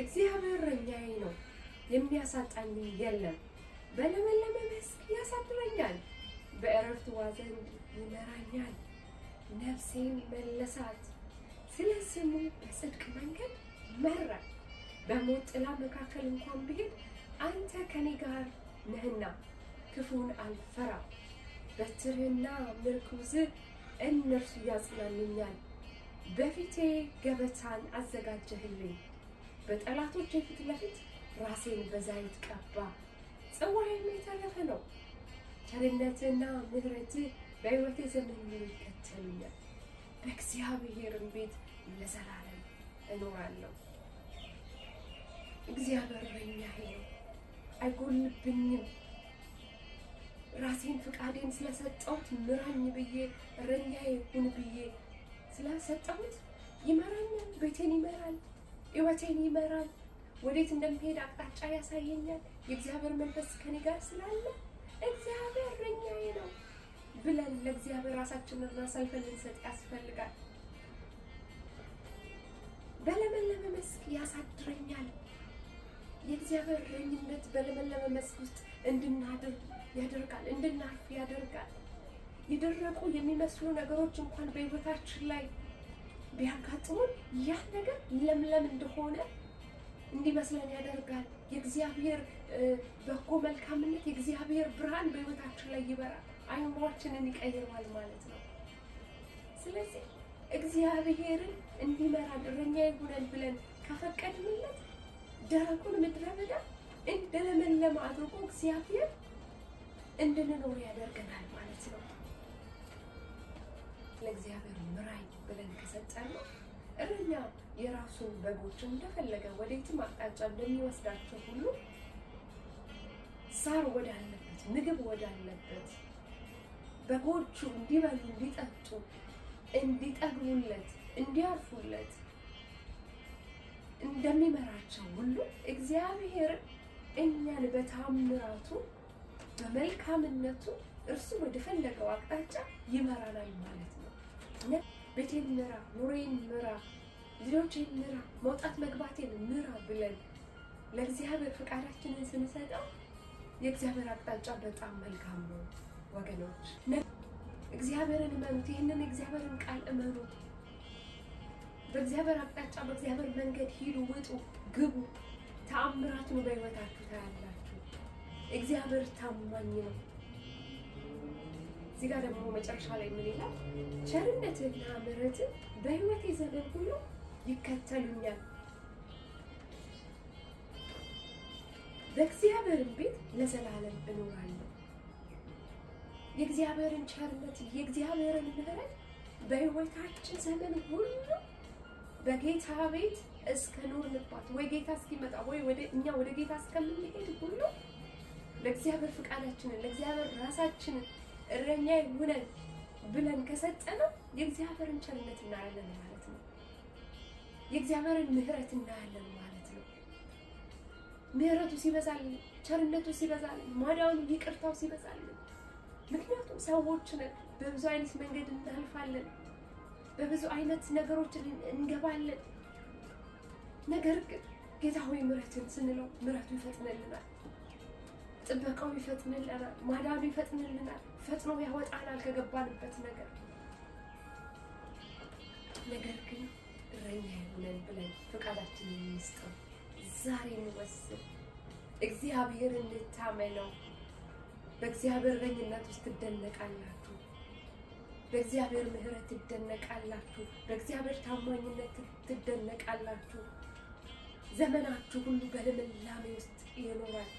እግዚአብሔር እረኛዬ ነው፣ የሚያሳጣኝ የለም። በለመለመ መስክ ያሳድረኛል፣ በእረፍት ውኃ ዘንድ ይመራኛል። ነፍሴን መለሳት፣ ስለ ስሙ በጽድቅ መንገድ መራኝ። በሞት ጥላ መካከል እንኳን ብሄድ አንተ ከኔ ጋር ነህና ክፉን አልፈራ በትርህና ምርኩዝህ እነርሱ ያጽናኑኛል። በፊቴ ገበታን አዘጋጀህልኝ በጠላቶች ፊት ለፊት ራሴን በዘይት ቀባ፣ ጽዋዬም የተረፈ ነው። ቸርነትህና ምህረት በሕይወቴ ዘመን ይከተሉኛል። በእግዚአብሔርም ቤት ለዘላለም እኖራለሁ። እግዚአብሔር እረኛዬ ነው፣ አይጎልብኝም። ራሴን ፍቃዴን ስለሰጠሁት ምራኝ ብዬ እረኛዬ ሁን ብዬ ስለሰጠሁት ይመራኛል፣ ቤቴን ይመራል። ሕይወቴን ይመራል፣ ወዴት እንደምሄድ አቅጣጫ ያሳየኛል። የእግዚአብሔር መንፈስ ከኔ ጋር ስላለ እግዚአብሔር እረኛዬ ነው ብለን ለእግዚአብሔር ራሳችንን አሳልፈን ልንሰጥ ያስፈልጋል። በለመለመ መስክ ያሳድረኛል። የእግዚአብሔር እረኝነት በለመለመ መስክ ውስጥ እንድናድር ያደርጋል፣ እንድናርፍ ያደርጋል። የደረቁ የሚመስሉ ነገሮች እንኳን በህይወታችን ላይ ቢያጋጥሙን ያ ነገር ለምለም እንደሆነ እንዲመስለን ያደርጋል። የእግዚአብሔር በጎ መልካምነት፣ የእግዚአብሔር ብርሃን በህይወታችን ላይ ይበራል፣ አይምሯችንን ይቀይረዋል ማለት ነው። ስለዚህ እግዚአብሔርን እንዲመራ እረኛ ይሁነን ብለን ከፈቀድንለት ደረቁን ምድረ በዳ እንደለመለመ አድርጎ እግዚአብሔር እንድንኖር ያደርገናል ማለት ነው። ለእግዚአብሔር ምራኝ ብለን ከሰጠነው እረኛ የራሱ በጎች እንደፈለገ ወዴትም አቅጣጫ እንደሚወስዳቸው ሁሉ ሳር ወዳለበት ምግብ ወዳለበት በጎቹ እንዲበሉ እንዲጠጡ እንዲጠግቡለት እንዲያርፉለት እንደሚመራቸው ሁሉ እግዚአብሔር እኛን በታምራቱ በመልካምነቱ እርሱ ወደፈለገው አቅጣጫ ይመራናል ማለት ነው። እና ቤቴን ምራ፣ ኑሬን ምራ፣ ልጆቼን ምራ፣ መውጣት መግባቴን ምራ ብለን ለእግዚአብሔር ፍቃዳችንን ስንሰጠው የእግዚአብሔር አቅጣጫ በጣም መልካም ነው ወገኖች። እግዚአብሔርን እመኑት። ይህንን እግዚአብሔርን ቃል እመኑት። በእግዚአብሔር አቅጣጫ በእግዚአብሔር መንገድ ሂዱ፣ ውጡ፣ ግቡ። ተአምራቱን በሕይወታችሁ ታያላችሁ። እግዚአብሔር ታማኝ ነው። እዚህ ጋር ደግሞ መጨረሻ ላይ ምን ይላል? ቸርነትና ምሕረትህ በሕይወቴ ዘመን ሁሉ ይከተሉኛል፣ በእግዚአብሔርን ቤት ለዘላለም እኖራለሁ። የእግዚአብሔርን ቸርነት የእግዚአብሔርን ምሕረት በሕይወታችን ዘመን ሁሉ በጌታ ቤት እስከ ኖርንባት ወይ ጌታ እስኪመጣ ወይ ወደ እኛ ወደ ጌታ እስከምንሄድ ሁሉ ለእግዚአብሔር ፍቃዳችንን ለእግዚአብሔር ራሳችንን እረኛ ሁነን ብለን ከሰጠነው የእግዚአብሔርን ቸርነት እናያለን ማለት ነው። የእግዚአብሔርን ምሕረት እናያለን ማለት ነው። ምሕረቱ ሲበዛል፣ ቸርነቱ ሲበዛል፣ ማዳውን ይቅርታው ሲበዛል። ምክንያቱም ሰዎች ነን። በብዙ አይነት መንገድ እናልፋለን። በብዙ አይነት ነገሮች እንገባለን። ነገር ግን ጌታ ሆይ ምሕረትን ስንለው ምሕረቱ ይፈጥነልናል። ጥበቃው ይፈጥንልናል፣ ማዳኑ ይፈጥንልናል፣ ፈጥኖ ያወጣናል ከገባንበት ነገር። ነገር ግን እረኛ ይሆነን ብለን ፈቃዳችንን እንስጠው። ዛሬ እንወስን፣ እግዚአብሔር እንታመነው። በእግዚአብሔር እረኝነት ውስጥ ትደነቃላችሁ፣ በእግዚአብሔር ምሕረት ትደነቃላችሁ፣ በእግዚአብሔር ታማኝነት ትደነቃላችሁ። ዘመናችሁ ሁሉ በልምላሜ ውስጥ ይኖራል።